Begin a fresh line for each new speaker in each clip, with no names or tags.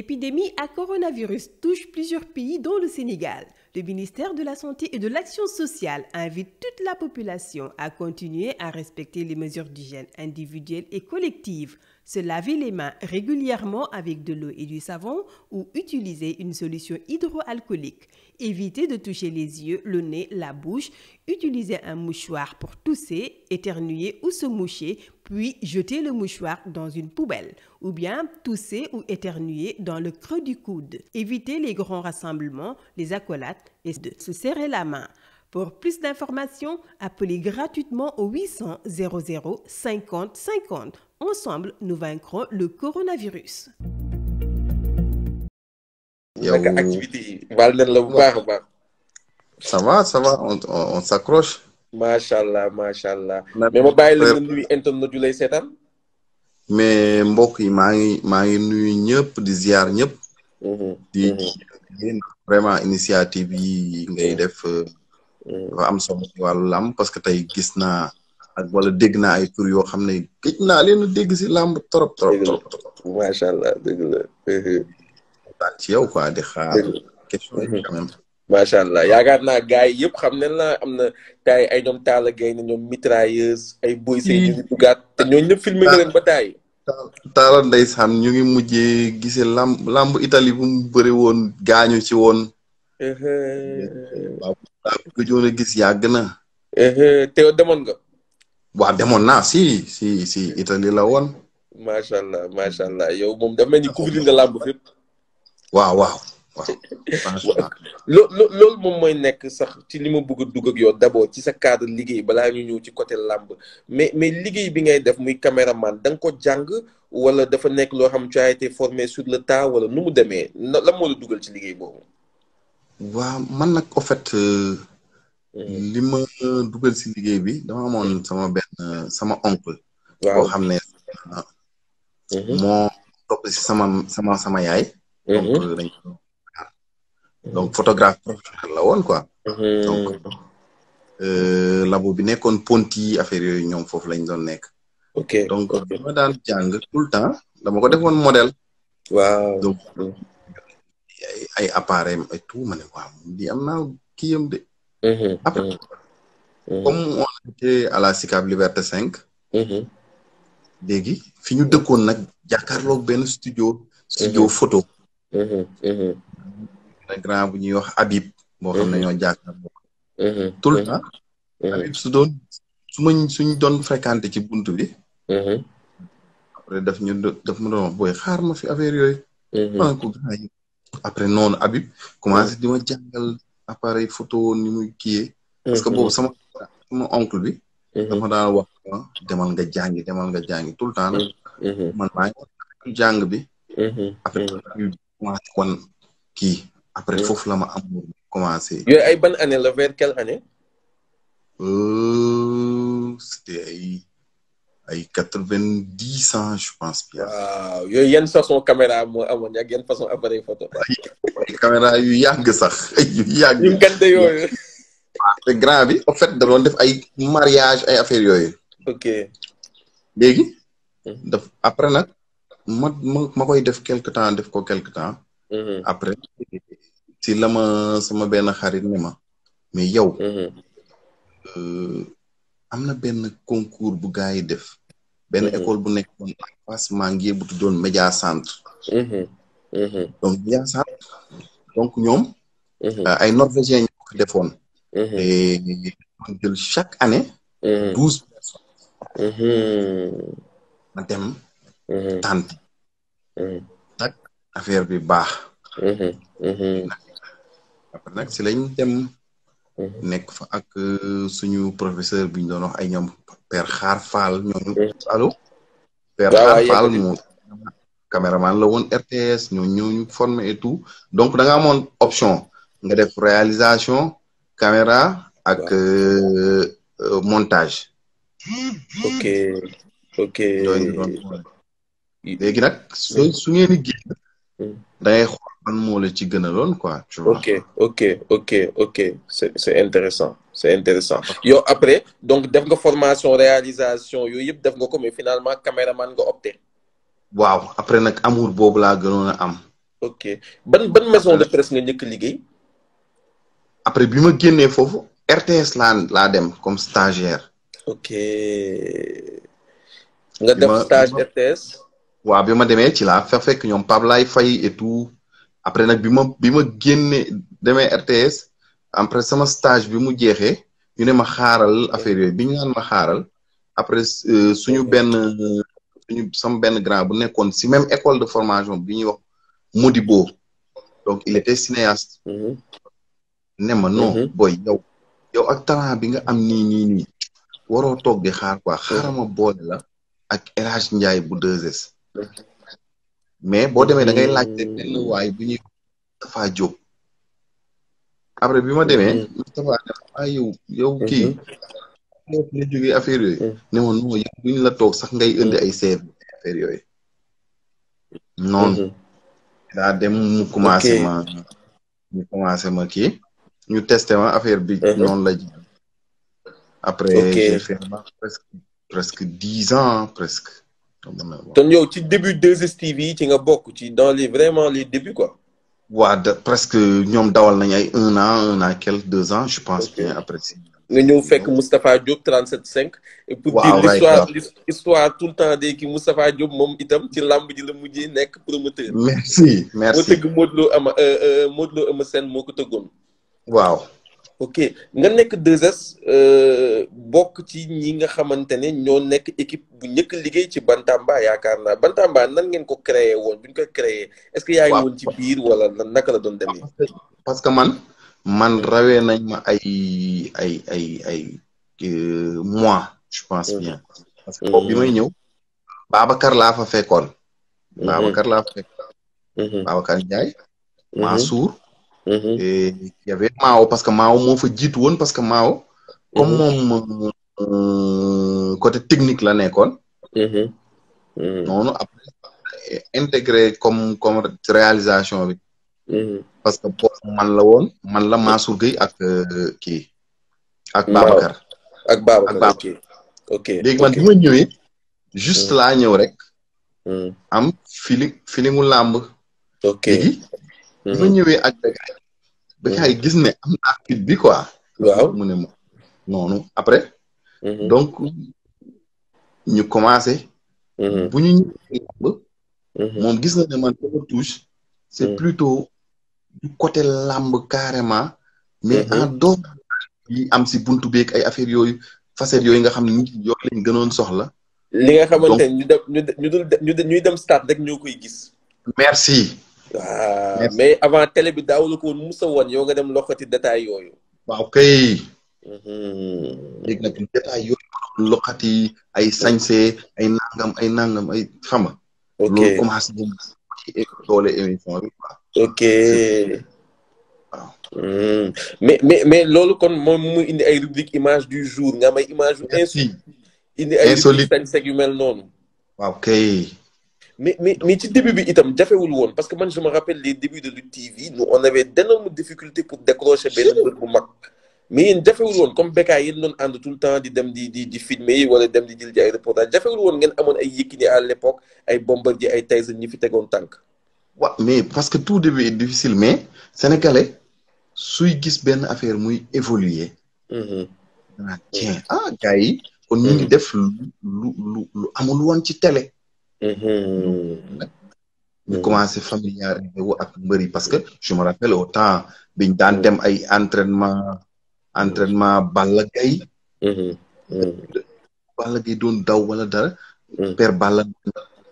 L'épidémie à coronavirus touche plusieurs pays dont le Sénégal. Le ministère de la Santé et de l'Action sociale invite toute la population à continuer à respecter les mesures d'hygiène individuelles et collectives, se laver les mains régulièrement avec de l'eau et du savon ou utiliser une solution hydroalcoolique. évitez de toucher les yeux, le nez, la bouche, utiliser un mouchoir pour tousser, éternuer ou se moucher, puis jetez le mouchoir dans une poubelle, ou bien tousser ou éternuer dans le creux du coude. Évitez les grands rassemblements, les accolades et de se serrer la main. Pour plus d'informations, appelez gratuitement au 800 00 50 50. Ensemble, nous vaincrons le
coronavirus.
yow naka activité yi baal nañ la bu baax a baax. ça va ça va on macha allah macha allah. mais ma bàyyi la nga nuyu internet yu lay seetaan.
mais mbokk yi maa ngi maa ngi nuyu ñëpp di ziar ñëpp. Mm-hmm, di mm-hmm. vraiment initiative yi ngay mm-hmm. def. Euh, am solo ci lam parce que tey gis naa ak wala dégg naa ay tur yoo xam ne gëj naa leen dégg si làmb trop trop trop. allah dégg waxtaan ci yow quoi di xaar. question macha allah yaakaar
naa gars yi yëpp xam ne la am na ay ñoom Talla Gueye ne ñoom mitrailleuse ay boy sey ñu te ñooñu ñëpp filmé nga leen ba taay.
Talla ndeysaan ñu ngi mujjee gisee lamb lamb Italie bu mu bëri woon gaañu ci woon. waaw gis yàgg na. te yow demoon nga. waaw demoon naa si si si Italie la woon.
macha allah macha allah yow moom dafa mel ni couvrir nga lamb fépp. waaw waaw. loo loolu moom mooy nekk sax ci li ma bëgg a dugg ak yow ci sa cadre liggéey balaa ñu ñëw ci côté làmb mais mais liggéey bi ngay def muy caméraman da nga ko jàng wala dafa nekk loo xam tu as été formé sur le tas wala nu mu demee la moo la dugal ci liggéey boobu.
waaw man nag en fait. si euh, mm-hmm. liggéey bi dama amoon mm-hmm. sama benn sama oncle. waaw xam ne. Mm-hmm. moo sama sama sama yaay. donc mhm. euh, dañ donc photographe professionnel la woon quoi. Mhm. donc euh, labo bi nekkoon ponti affaire yooyu ñoom foofu lañ doon nekk. ok donc dama daan jàng tout le temps dama ko defoon modèle. waaw ay appareil et tout ma ne waaw di am naa kii yam de. Mhm, après comme on la SICAP Liberté 5. léegi fi ñu dëkkoon nag jàkkaarloog benn studio. studio photo. Mhm, mhm. na grand bu ñuy wax Habib. boo xam ne mhm. ñoo jàkkaar tout le temps Habib su doon suñ doon fréquenté ci bunt bi. après daf ñu daf mu doon booy xaar ma fi affaire yooyu. ma après noonu Habib commencé di ma jàngal appareil photo ni muy kiiyee. parce que boobu sama oncle bi. dafa daan wax ah, demal nga jàngi demal nga jàngi tout le temps nag. man bi. commencé kon après foofu la ma amour commencé. yooyu ay
ban année la vers quelle année.
Euh, c'était ay ay quatre-vingt-dix ans je pense. waaw yooyu yan façon caméra
moo amoon ak yan façon appareil
yu yàgg sax yu yàgg. yu gàtt yooyu. te grand bi en fait da def ay mariage ay affaire yooyu. ok léegi. Hmm. après nag. ma ma ma koy def quelque temps def ko quelque temps. Mm-hmm. après si la ma sama benn xarit ne ma mais yow. Mm-hmm. Euh, am na benn concours bu gars yi def. benn mm-hmm. école bu nekk woon face Manguier bu tuddoon média centre. donc média donc ñoom. Euh, ay norvégiens ñoo ko defoon. chaque année. douze personnes. ma dem. tànn. tak affaire bi baax. Mhm, mhm. après nag si lañ dem. Mhm. nekk fa ak euh, suñu professeur bi ñu ay ñoom Père Xaar Fall ñooñu. allo. Père Xaar Fall moom caméraman la woon RTS ñooñu ñooñu formé et tout donc da nga amoon option nga def réalisation caméra ak euh, euh, montage. ok ok. léegi nag su ngeen di génn hmm. da ngay xool ban moo la ci gën a lool quoi. tu vois ok ok
ok ok c'est c'est intéressant c'est yow après donc def nga formation réalisation yooyu yëpp def nga ko mais finalement caméraman nga opté.
waaw après nag amour boobu laa gënoon a am.
ok ban ban maison de presse nga njëkk
liggéey. après bi ma génnee foofu RTS laa dem comme stagiaire. ok. nga def stage RTS. waaw bi ma demee ci laa fa fekk ñoom Pape laay fay et tout après nag bi ma bi ma génne demee RTS après sama stage bi mu jeexee ñu ne ma xaaral affaire yooyu bi ñu naan xaaral après euh, suñu benn suñu sama benn grand bu nekkoon si même école de formation bi ñuy wax Modibo donc il était cinéaste. Mm-hmm. ne ma non mm-hmm. boy yow yow ak talent bi nga am nii nii nii waroo toog di xaar quoi mm-hmm. xaaral ma boole la ak El Hadj Ndiaye bu 2S. mais boo demee da ngay euh, laajte benn waay bu ñuy Moustapha Diop après bi ma demee euh. Moustapha dafa ah, yow yow kii ñu jógee affaire yooyu euh. ne woon non yow la toog sax ngay indi ay CV affaire yooyu noonu daa dem mu commencé ma ñu ma kii ñu testé ma affaire bi noonu la après j'ai presque presque dix ans presque kon yow ci début 2STV
yi ci nga bokk ci dans les vraiment les début ko
waa de presque ñoom dawal nañ ay un an un an quelque deux ans je pense bien après si.
nga ñëw fekk Moustapha Diop 37.5. cinq pour dire l'histoire l'histoire tout le temps de ki Moustapha Diop moom itam ci làmb ji la mujjee nekk promoteur. merci merci moo tëgg Modou Lo ama euh, euh, Modou Lo Ama Sène moo ko tëggoon. waaw. ok nga nekk 2S euh, bokk ci ñi nga xamante ne ñoo nekk équipe bu njëkk liggéey ci Bantamba yaakaar naa Bantamba nan ngeen ko créé woon bu ñu ko créé est-ce que yaa ngi ci biir wala naka la doon demee.
parce que man man rawee nañ ma ay ay ay ay euh, mois je pense bien. Mm. parce que bi may ñëw. Babacar laa fa fekkoon.
Mm-hmm. Babacar
laa fa fekkoon. Mm-hmm. Babacar Ndiaye. Mm-hmm. Mansour. Mm-hmm. et y parce que Mao moo fa jiitu woon parce que Mao. comme mm-hmm. moom euh, côté technique la nekkoon. Mm-hmm. noonu après comme comme réalisation bi. parce que poche man la woon man la Mansour Gueye ak euh, kii. ak ak Babacar ok ok léegi man bi juste mm. laa ñëw rek. Mm. am fili fili mu làmb. ok léegi. ba mm-hmm. gars gis ne am naa fit bi quoi. waaw mu ne moom noonu après. Mm-hmm. donc ñu commencé. Mm-hmm. bu ñu moom gis na ne man sama touche. c' est plutôt du côté carrément. mais en dehors yi am si buntu beeg ay affaire yooyu facettes yooyu nga xam ne nit yoo lañ gënoon soxla. li nga xamante
ñu dem ñu dul ñuy dem stade rek ñoo koy gis. merci. waa euh, mais avant télé bi daaw la ko woon musa nga dem loxati détail yooyu
waaw kay mhm. léegi nag ay sañse ay nangam ay nangam ay xama loolu commencé ci émission
ok waaw mhm. mais mais mais loolu kon moom mu indi ay rubrique image du jour nga may image yu insolite indi ay rubrique sañse yu mel noonu waaw kay mais mi mais ci début bi itam jafewul woon parce que man je me rappelle les débuts de Lutte TV nous on avait d'énormes difficultés pour décrocher benn bu mag mais yéen jafewul woon comme Bécaye yéen doon ànd tout le temps di dem di di di filmer wala dem di jël ji ay reportage jafewul woon ngeen amoon ay Yékini à l'époque ay Bombardier ay Tyson ñi fi
tegoon tànk waaw mais parce que tout début est difficile mais sénégalais suy gis benn affaire muy évoluer danaa mm-hmm. ah, mm-hmm. tiens ah gars yi kon ñu ngi mm-hmm. lu lu amul woon ci télé nag mm-hmm. ñu commencé familiariser ak mbëri parce que je me rappelle au temps biñ daan dem ay entraînement entraînement Balla Gaye mm-hmm. Mm-hmm. Balla Gaye doon daw wala dara père Balla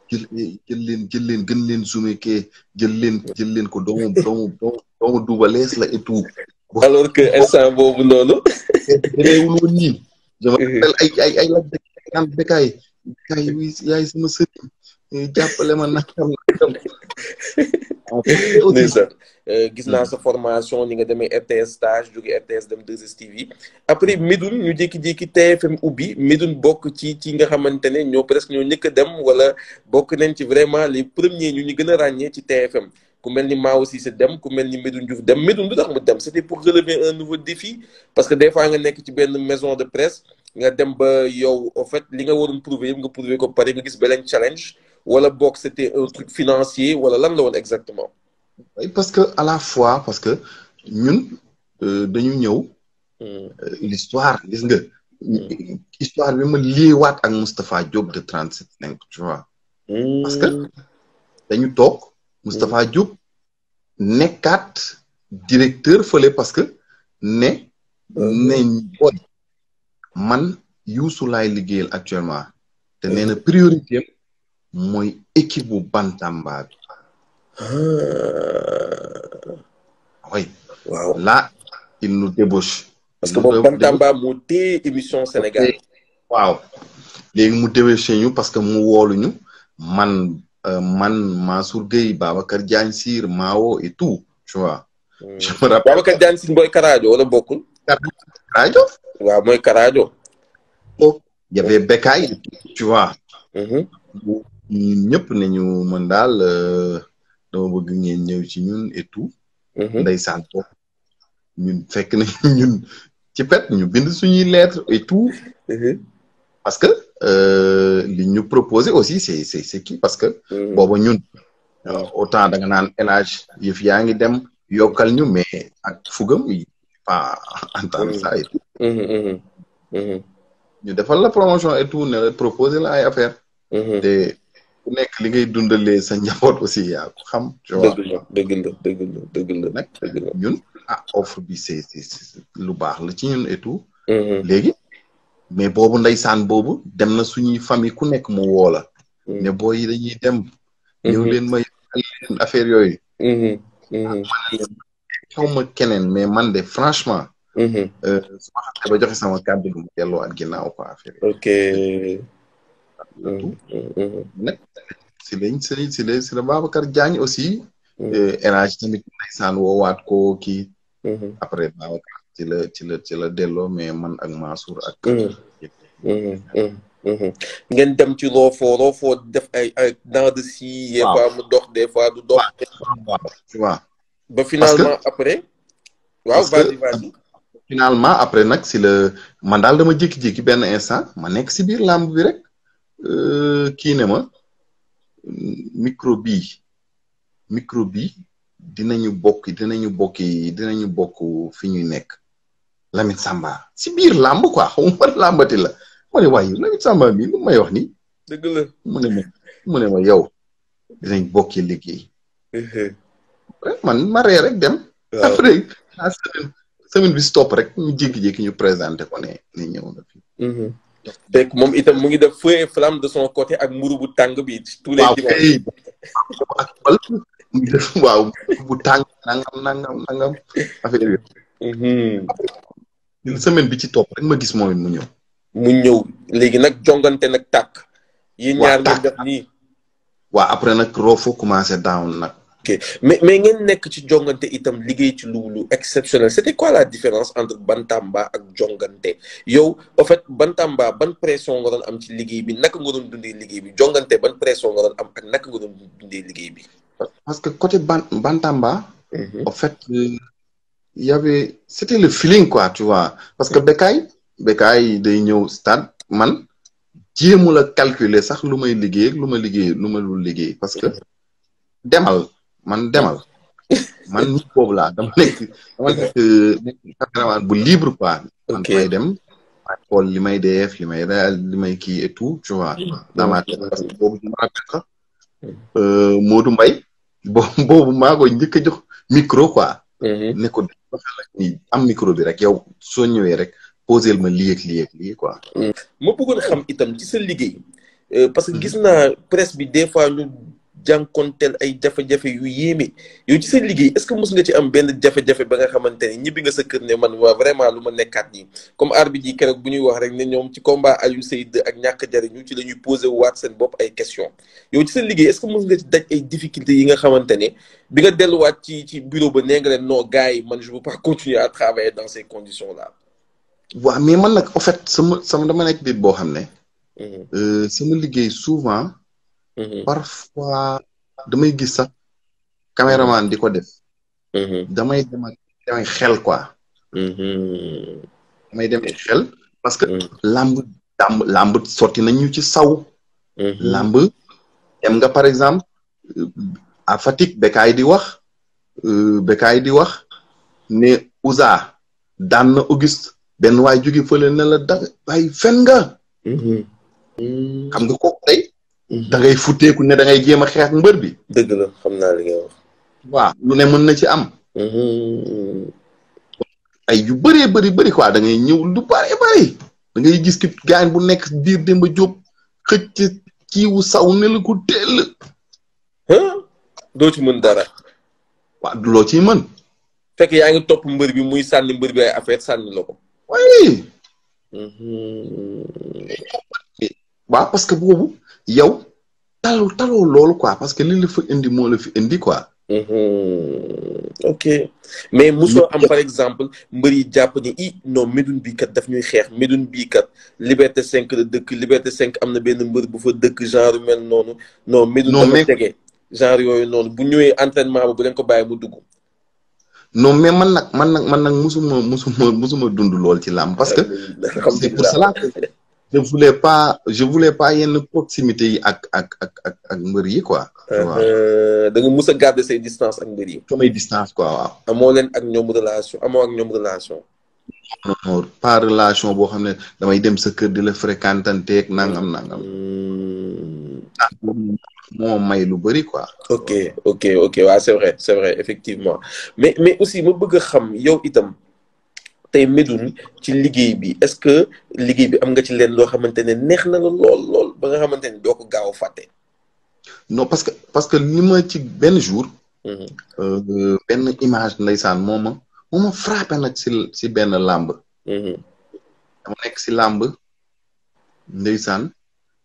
jël jël leen jël leen gën leen zoomé kee jël leen jël leen ko doomu doomu doomu Double alors que instant boobu noonu réewul woon je me rappelle ay ay laaj dëkkaay daan dëkkaay dëkkaay ñu jàppale ma nakam nakam
euh, gis naa hmm. sa formation ni nga demee RTS stage jóge RTS dem 2STV après Médoune ñu jékki-jékki TFM ubbi Médoune bokk ci ci nga xamante ne ñoo presque ñoo ñëkk dem wala bokk nañ ci vraiment les premiers ñu ñu gën a ràññee ci TFM ku mel ni Maaw Cissé dem ku mel ni Médoune Diouf dem Médoune lu tax mu dem c'était pour relever un nouveau défi parce que des fois nga nekk ci benn maison de presse nga dem ba yow en li nga waroon prouver yëpp nga prouver ko pare nga gis beneen challenge wala boog c'était un truc financier wala lan la woon exactement.
oui parce que à la fois parce que ñun euh, dañu ñëw. l'histoire hmm. euh, gis nga. Hmm. histoire bi ma waat ak mustapha Diop de 37 5 tu vois. Hmm. parce que dañu toog. Moustapha Diop nekkaat directeur fële parce que ne. ne man Youssou laay liggéeyal actuellement. te nee na priorité mooy équipe bantamba bi. Ah. oui. waaw là il nous débauche.
parce que boobu bantamba mu téye émission Sénégal.
waaw léegi mu débauché ñu parce que mu wooluñu man euh, man Mansour Gueye Babacar Diagne Sir Mao et tout tu vois. Hmm. je me Sir mooy Karajo wala bokkul. Karajo. waaw mooy Karajo. Oh, y avait Bekay tu vois. Hmm. ñun ñëpp ñu mën daal euh, dama bëgg ngeen ñëw ci ñun et tout. Mhm. ndeysaan ñun fekk nañ ñun ci ñu bind suñuy lettre et mhm. parce que euh, li ñu proposé aussi c'est c'est c'est kii parce que. Mhm. booba ñun euh, autant da nga naan élage yëf yaa ngi dem yokkal ñu mais ak fugam yi pas entendre ça et tout. ñu defal la promotion et ne la proposé la ay affaire nekk li ngay dundalee sa njaboot aussi yaa ko xam. dëgg la dëgg la dëgg la nag ñun ah offre bi c'est c'est lu baax la ci ñun et tout. Mm-hmm. léegi mais boobu ndeysaan boobu dem na suñuy famille ku nekk mu woola mm-hmm. ne boo yi dañuy dem. Mm-hmm. ñëw leen may leen affaire yooyu. Ah, xaw ma keneen mais man de franchement. Euh, su ma xamee ba joxe sama kàddu gi mu delloo ak ginnaaw quoi affaire yooyu. Euh, euh, euh, nag si lañ si si la si la Babacar Diagne aussi. énage mm. tamit ndeysaan woowaat ko kii. Mm-hmm. après Babacar ci la ci la ci la delloo mais man ak Mansour ak. Mm. Mm-hmm. Mm-hmm.
ngeen dem ci roofoo roofoo def ay ay dents de scie. des fois mu dox des fois du dox. waaw ba finalement après. waaw
vas nag si la man daal dama jékki-jékki benn instant ma nekk si biir làmb bi rek. kii ne ma micro bii micro bii dinañu bokk dinañu bokki dinañu bokk fi ñuy nekk Lamine Samba si biir làmb quoi xaw ma làmbati la ma ne waaye Lamine Samba mi lu may wax nii. dëgg la mu ne ma mu ne ma yow dinañ bokki liggéey. Eh, man ma rek dem. après semaine semaine bi stop rek ñu jékki-jékki ñu présenté ko ne ne na fi. dégg
moom itam mu ngi def feu et flamme de son côté ak mburu bu tàng bi. tous les dimanches
waw bu tàng nangam nangam nangam affaire yi. Mhm. semaine bi ci topp rek ma gis moom mu ñëw. mu ñëw
léegi nag jongante nag tàkk. yi ñaar ngeen def nii. waa après nag roofo
commencé down nag.
ok mais mais ngeen nekk ci jongante itam liggéey ci lu lu exceptionnel c'était quoi la différence entre bantamba ak jongante yow en fait bantamba ban pression nga am ci liggéey bi naka nga doon dundee liggéey bi jongante ban pression nga doon am ak naka nga dundee liggéey bi.
parce que côté ban bantamba. en mhm. fait euh, il y avait le feeling quoi tu vois parce que mhm. Bécaye Bécaye day ñëw stade man jéemu la calculer sax lu may liggéey lu ma liggéey lu ma lu liggéey parce que mhm. demal. man demal man nit boobu laa dama nekk bu libre quoi. man may dem ma xool li may def li may li may kii et tout tu vois. Mm. dans ma mm. euh, njëkk a jox micro quoi. Mm-hmm. ne ko ni am micro rek yow soo ñëwee rek posel ma lii ak lii ak lii quoi. Mm.
xam itam ci sa liggéey. Euh, parce que bi des fois jànkonteel ay jafe-jafe yu yéeme yow ci seen liggéey est-ce que mos nga ci am benn jafe-jafe ba nga xamante ne ñibbi nga sa ne man waa vraiment lu ma nekkaat nii comme arbitre yi keroog bu ñuy wax rek ne ñoom ci combat Aliou Seyde ak ñàkk jariñu ci la ñuy posé waat seen bopp ay question yow ci seen liggéey est-ce que mos nga ci daj ay difficultés yi nga xamante ne bi nga delluwaat ci ci bureau ba nee nga leen non gars yi man je veux pas continuer à travailler dans ces conditions là.
waaw man nag en fait sama sama dama nekk nit boo xam ne. Mm-hmm. Euh, sama liggéey souvent. Mm-hmm. parfois damay gis sax caméraman di ko def. Mm-hmm. damay dem xel quoi. Mm-hmm. may dem xel parce que. lamb làmb làmb sotti nañ ci saw. làmb dem nga par exemple à Fatick Bekaay di wax euh, Bekaay di wax ne Ouza daan na gis benn waay jóge fële na la da waaye fen nga. xam nga kooku tey. da ngay futteeku ne da ngay jéem a xeex mbër bi. dëgg la xam naa li ngay wax. waaw lu ne mën na ci am. Mm-hmm. ay yu bëree bëri bëri quoi da ñëw lu bare bëri da ngay gis ki bu nekk diir Demba Diop xëcc kiiwu saw ne la ko teel.
doo ci mën dara. waaw du loo ciy mën. fekk yaa ngi topp mbër bi muy sànni mbër bi ay affaire sànni la ko. oui. Mm-hmm.
waaw parce que boobu. yow talu taloo loolu quoi parce que li la fa indi moo la fi indi quoi. Mhm. ok mais mosoo am par
exemple mbër yi jàpp ni i non Médoune bii kat daf ñuy xeex Médoune bii kat Liberté cinq la dëkk Liberté cinq am na benn mbër bu fa dëkk genre mel noonu. non Médoune dafa tege genre yooyu noonu bu ñëwee entraînement ba bu leen ko bàyyi mu dugg.
non mais man nag man nag man nag mosuma mosuma mosuma dund lool ci làmb parce que pour cela je voulais pas je voulais pas yen proximité yi ak ak ak ak ak mbër yi quoi. waaw
euh, euh, da a garder say distance ak mbër yi. samay distance quoi waaw. amoo leen ak ñoom relation amoo ak ñoom relation.
non pas relation boo xam ne damay dem sa kër di la fréquentanteeg nangam hmm. nangam. Ah, moo may lu bëri quoi. ok
ok ok waaw c'est vrai c'est vrai effectivement mais mais aussi ma bëgg xam yow itam. tey Médoune ci liggéey bi est-ce que liggéey bi am nga ci leen loo xamante ne
neex na lool lool ba nga xamante ne doo ko gaaw a fàtte. no parce que parce que ni ma ci benn jour. Mhm. Euh, benn image ndeysaan moom ma moo ma nag si si benn làmb. Mhm. dama nekk si làmb ndeysaan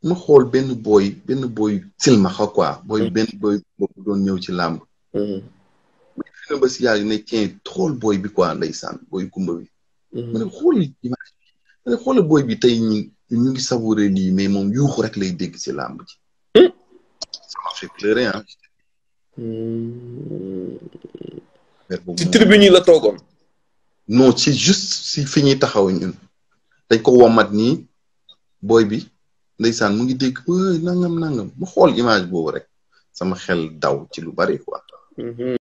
ma xool benn booy benn booy silmaxa quoi. booy mhm. benn booy boobu doon ñëw ci làmb. mais ba si yàlla ne tiens xool booy bi quoi ndeysaan booy gumba bi. ma ne xoolal image ma ne xoolal booy bi tey ñu ngi savouré lii mais moom yuuxu rek lay dégg si làmb ji. Eh? ça m'a fait pleurer ah. ci la toogoon. non ci juste si fi ñuy taxaw ñun. dañ ko womat nii booy bi ndeysaan mu ngi dégg nangam nangam ma xool image boobu rek sama xel daw ci lu bari quoi. Mm-hmm.